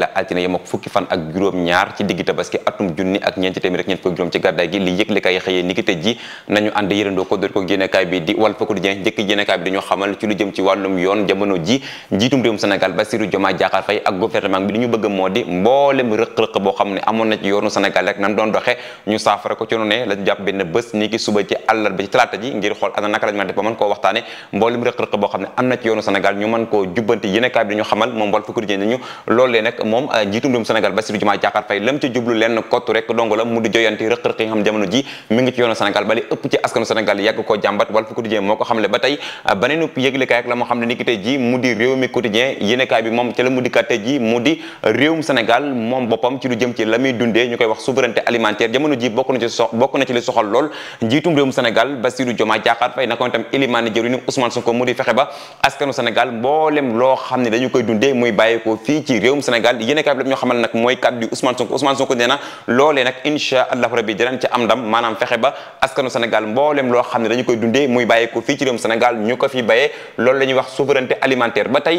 la altine yem ak fukki fan ak juróom-ñaar ci digg tabaski atum junni ak ñeenti téeméer ak ñeent fukk juróom ci gàddaay gi li yëglekaay xëyee niki tey ji nañu ànd yërandoo ko door ko génnekaay boo xam ne na ci yoonu Sénégal rek nan doon doxee ñu saafara ko naka lañ mën a def ba mën koo waxtaane mboolem rëq-rëq boo xam ne am na ci yoonu Sénégal ñu mën koo jubbanti yénnekaay bi dañu xamal moom Walf Quotidien nañu loolee nag moom euh, jiitum réewum Sénégal Bassirou Diomaye Diakhar Faye lam ci jublu lenn kottu rek dong la mu di joyanti rëq-rëq yi nga xam jamono ji mi ngi Sénégal ba tey euh, baneenu yëglekaay ak la moo xam ne ni ki tey ji mu moom ca la mu di kat moom boppam ci lu jëm ci la muy dundee ñu koy wax souveraineté alimentaire jamono ji bokk na ci bokk lool njiitum réewum Sénégal Bassirou Diomaye Diakhar Faye nako itam ilimaane jëriñu Ousmane Sonko fexe ba askanu Sénégal mboolem loo xam ne dañu koy dundee muy bàyyeekoo fii ci réewum Sénégal kàddu yéen kàddu xamal nag mooy kàddu Ousmane Sonko Ousmane Sonko nee na nag insha allahu rabi dinañ ci am ndam maanaam fexe ba askanu Sénégal Sénégal ñu ko nag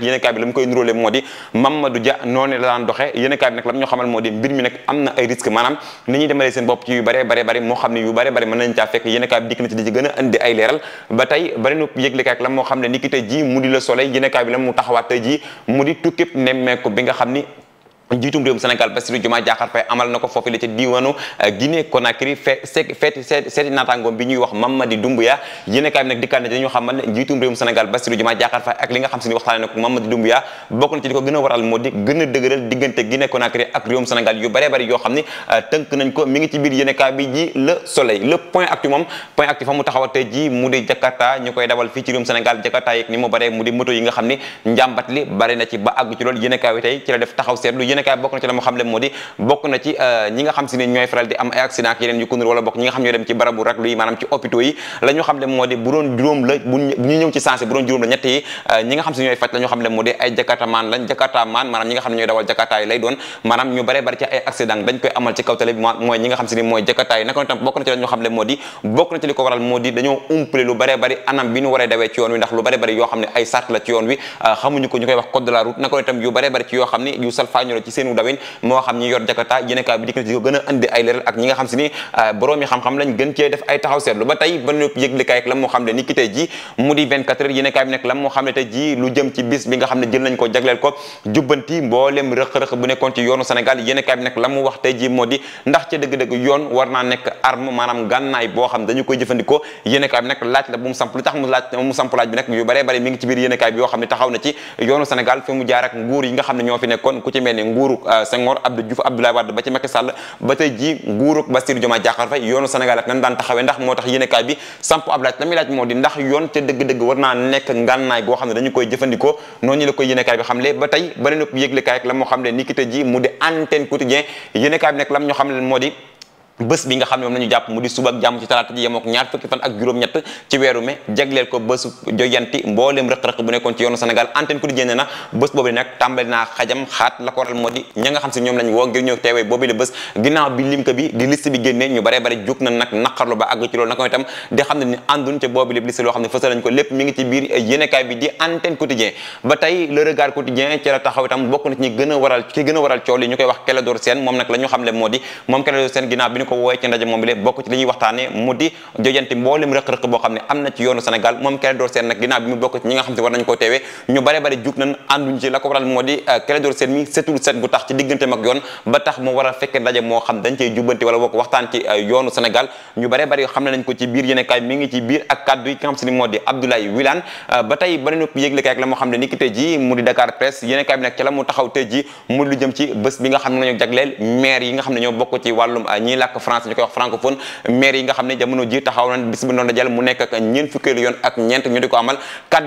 yéen kaay bi la doxee yéen kaay nag lam xamal moo di mbir mi nag am na ay risque maanaam ni ñuy demalee seen bopp ci yu bare bare bare moo xam ne yu bare bare mën nañ caa fekk yéen dikk na ci di gën a indi ay leeral ba tey bari na yëglekaay ak lam moo xam ne ni ki ji mu di le soleil yéen kaay mu taxawaat tey ji mu di tukkib nemmeeku bi nga xam ni njiitum réewum Sénégal euh, wax Sénégal Bassirou na ci li ko gën a waral moo di gën a dëgëral diggante Guinée Conakry ak réewum Sénégal yu bare bari yoo xam ni euh, tënk nañ ko mi ngi ci biir yéene ji le soleil le point actu moom point actu fa mu taxaw tey mu di Jakarta ñu koy dawal fii ci réewum Sénégal Jakarta yeeg ni mu bare mu di moto yi nga xam ni njàmbat li bare na ci ba àgg ci loolu yéene kaay ci la def taxaw seetlu yéenekaay nga xam si ñooy faj la xam le moo ay jakarta maan lañ jakarta maan maanaam ñu bare bari ci ay accident dañ koy amal ci kaw tali bi mooy ñi nga xam si ni mooy jakarta yi naka tam bokk na ci la ñu xam le moo di bokk na ci li ko waral moo di dañoo umpale lu bare bari anam bi ñu waree dawee ci yoon wi ndax lu bare bari yoo xam ne ay sart ci yoon wi euh, xamuñu ko ñu koy wax code la route naka tam yu bare bari ci yoo ci seenu dawin moo xam ñi yor jakarta yéenekaay bi dikk na ci ko gën a indi ay leeral ak ñi nga xam si euh, boroomi xam lañ gën cee def ay taxaw seetlu ba tey ba nopp yëglekaay ak bi nekk laaj la mu samp bi nag bare bare mi ci biir yéenekaay bi yoo xam ne taxaw na ci yoonu Sénégal fi mu jaar nguur yi nga xam ne ñoo nekkoon ku ci mel ni nguurug euh, Senghor Abdou Diouf Abdoulaye Wade ba ci Macky Sall ba tey ji nguurug Bassirou Diomaye Diakhar Faye yoonu Sénégal ak nan daan taxawee ndax moo tax yéenekaay bi samp ab laaj laaj moo ndax yoon ca dëgg-dëgg war nekk ngànnaay goo xam ne dañu koy jëfandikoo noonu la koy yéenekaay bi xamle ba tey beneen yëglekaay ak la moo xam ne ni ki ji mu di antenne quotidien yéenekaay bi nekk lam ñoo xam ne moo bés bi nga xam ne moom la jàpp mu di suba jàmm ci talaata ji yemook ñaar fukki fan ak juróom-ñett ci weeru mai jagleel ko bésu joyanti mbooleem rëq-rëq bu nekkoon ci yoonu Sénégal antenne ku di na bés boobu la ko ginnaaw bi lim ko biir yénekaay bi di antenne quotidien ba tey le quotidien ci la taxaw itam bokk na ci ñi waral ki gën waral coow li ñu koy wax Clédor Sène moom nag la xam le moo moom Clédor Sène ginnaaw ko ci ndaje moom bi bokk ci li waxtaane mu di jojanti mboolem rëq-rëq boo xam ne am na ci yoonu Sénégal moom Clédor Sène nag ginnaaw bi mu bokk ci euh, set gu tax ci digganteem ak yoon ba tax mu war a ndaje moo xam euh, ne nañ ko ci euh, Dakar Presse yéenekaay nag ci taxaw tey ji lu jëm ci bés nga xam ne nañu jagleel maire yi nga xam ne ñoo bokk ci wàllum ñiy làkk France ñu koy francophone maire yi nga xam ne jamono ji taxaw na bis bi noonu dajal mu nekk ak yoon ak ñeent ñu di ko amal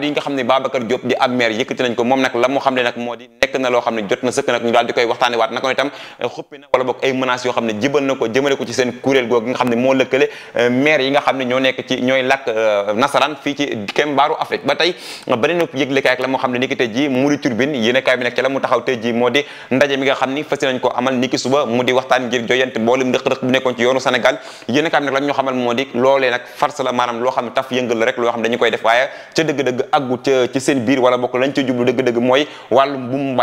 yi nga xam ne Babacar Diop di ab maire yëkkati nañ ko moom nag la xam ne nag moo nekk na loo xam ne jot na sëkk nag ñu daal di koy waxtaane waat nako itam eh, xuppi na wala bokk ay menaces yoo xam ne jibal na ko jëmale ko ko ci yoonu Sénégal yéenekaay nag la xamal moo di loolee nag farce la maanaam loo xam ne taf yëngal la rek loo xam ne dañu koy def waaye ca dëgg-dëgg aggu ci seen biir wala bokk lañ ca jublu dëgg-dëgg mooy wàllum bu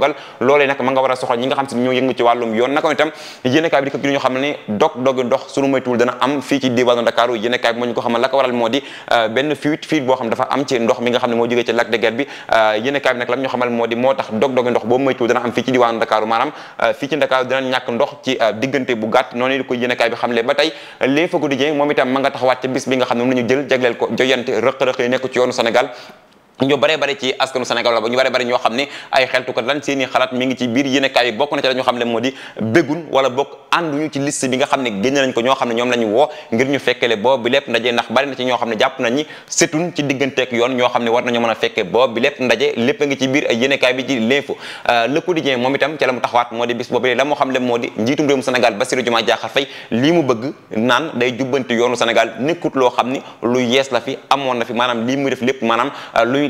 dogal loolee nag ma nga war a soxal ñi nga xam si ñoo yëngu xam ne dog dogi ndox suñu moytuwul dana am fii ci diwaanu Dakar yéenekaay bi moo ñu ko xamal la ko waral moo di euh, am ci mi nga xam ne moo jógee ci lac de Guiers bi euh, yéenekaay bi nag lam ñu xamal moo di moo tax dog dogi fii ci diwaanu Dakar maanaam euh, fii ci Dakar dina ñàkk ndox ci diggante bu gàtt noonu di ko yéenekaay bi xam le ba tey léegi fa moom itam ma nga taxawaat ca bis bi nga xam ne moom la jël jagleel ko joyante rëq-rëq nekk ci yoonu Sénégal ñu bare bare ci askanu Sénégal la ba ñu bare bare ñoo xam ne na ci la ñu xam na ci ñoo a lii mu bëgg naan day jubbanti yoonu Sénégal nekkut loo xam ne lu yees la fi amoon na fi maanaam lii muy def lépp maanaam euh, luy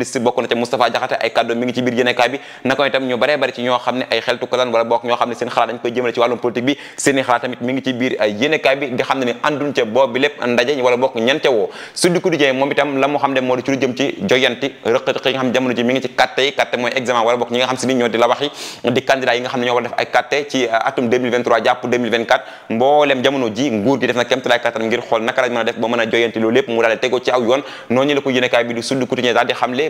district bokk na ca Moustapha Diakhaté ay kàddu mi ci biir yéenekaay bi naka itam ñu baree bari ci ñoo xam ne ay xeltu ko daan bokk ñoo xam ne seen xalaat dañ koy jëmale ci biir yéenekaay naka la joyanti loolu mu daal di ci aw noonu la ko yéenekaay bi daal di xamle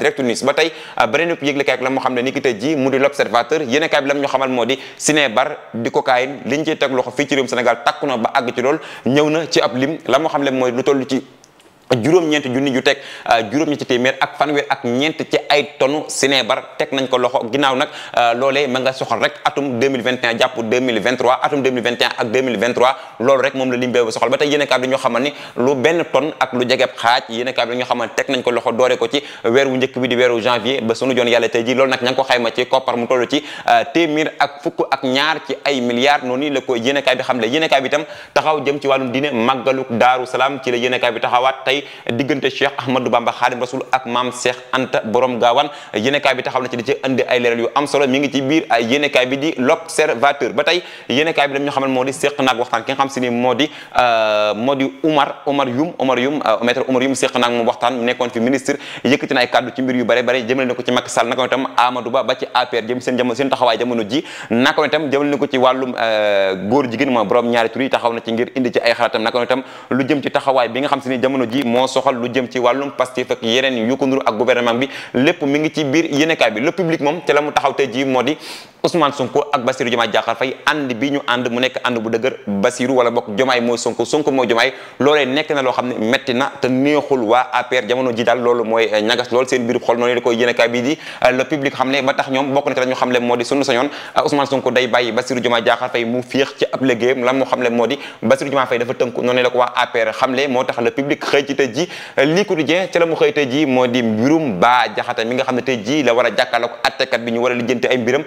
direct news ba tey ah, beneen yëpp yëgle kaay la moo xam ne ni ki tey ji mu di l'observateur yéen kaay bi lam ñu xamal moo di ciné bar di cocaïne liñ ciy teg loxo fii ci réewum Sénégal takku na ba àgg ci lool ñëw na ci ab lim la xam ne mooy lu toll ci juróom-ñeent junni ju teg ah, juróom-ñeenti téeméer ak fanweer ak ñeent ci ay tonu sinébar teg nañ ko loxo ginnaaw nag ah, loolee ma nga rek atum jàpp 2023 rek moom la lim boobu ba tey yéen kaab bi ñoo xamal ni ci koppar mu toll ci ah, téeméer ak fukk ak ñaar ci ay milliards noonu la ko yéen kaab xam le yéen kaab taxaw jëm ci wàllum diine màggaluk daaru ci la yéen kaab taxawaat tey diggante Cheikh Ahmadou Bamba Xaadim Rasul ak maam Cheikh Anta borom Gaawaan yéenekaay taxaw na ci di ci indi ay leeral yu mi ngi ci biir ay ba tey yéenekaay bi dam ñu xamal moo di séq naag waxtaan ki nga xam si di euh, moo naka itam Amadou lu jëm ci taxawaay bi nga xam si ni jamono ji moo soxal lu jëm ci wàllum Pastef ak yeneen yu ko nuru ak gouvernement bi lépp mu ngi ci biir yénekaay bi le public moom te la mu taxaw tey ji moo di Ousmane Sonko ak Bassirou Diomaye Diakhar Faye ànd bi ñu ànd mu nekk ànd bu dëgër Bassirou wala bokk Diomaye mooy nekk loo xam ne metti na te neexul waa APR jamono loolu mooy eh, ñagas lool seen biirub xol noonu la koy yéene kaay bii di eh, moo di sunu sañoon eh, Ousmane Sonko day mu féex ci ab liggéeyam lan moo xam le moo di Bassirou Diomaye dafa tënku noonu la ko waa APR xam le moo tax le public xëy ci tey ji lii quotidien ji moo mbirum Bah Diakhaté mi nga xam ne tey ji la war a jàkkaarloo ak attekat bi ñu war a lijjanti ay mbiram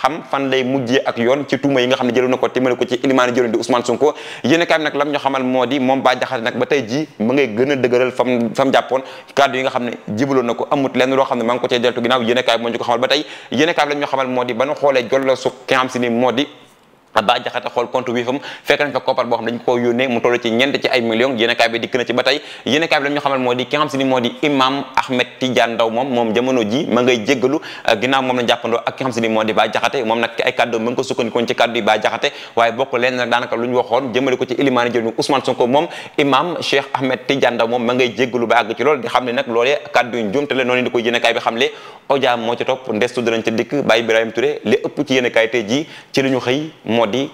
xam fan lay mujjee ak yoon ci tuuma yi nga xam ne jëloon na ko témale ko ci ilimaani jëloon di Ousmane Sonko yéen kaay bi nag lam ñu xamal moo di moom Bah Diakhaté nag ba tey ji mu ngay gën a fam jàppoon kàddu yi nga xam ne jibaloon na amut lenn loo xam ne ma ngi ko cay deltu ginnaaw yéen kaay bi moo ba tey yéen kaay bi la ñu xamal moo ba nu xoolee jollo su ki xam si ni moo ba jaxate xool compte wii fam fekk nañ fa koppar boo xam dañ ko yónnee mu toll ci ñent ci ay millions yéen bi dikk na ci ba tey yéen bi la xam si ni moo di ji ma ngay jéggalu euh, ginnaaw moom la jàppandoo ak ki nga xam si ni moo di ba jaxate moom nag ay kàddu ma ngi ko sukkandikoon ci leen ci ilimaani ma ngay jéggalu ba àgg ci loolu di xam ne nag loolee kàddu yu njuumte la noonu ëpp ci yéen kaay ji ci lu ñu xëy moo di